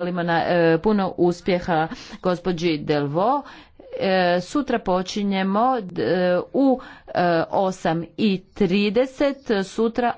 želimo na, e, puno uspjeha gospođi Delvo. E, sutra počinjemo d, e, u e, 8.30, sutra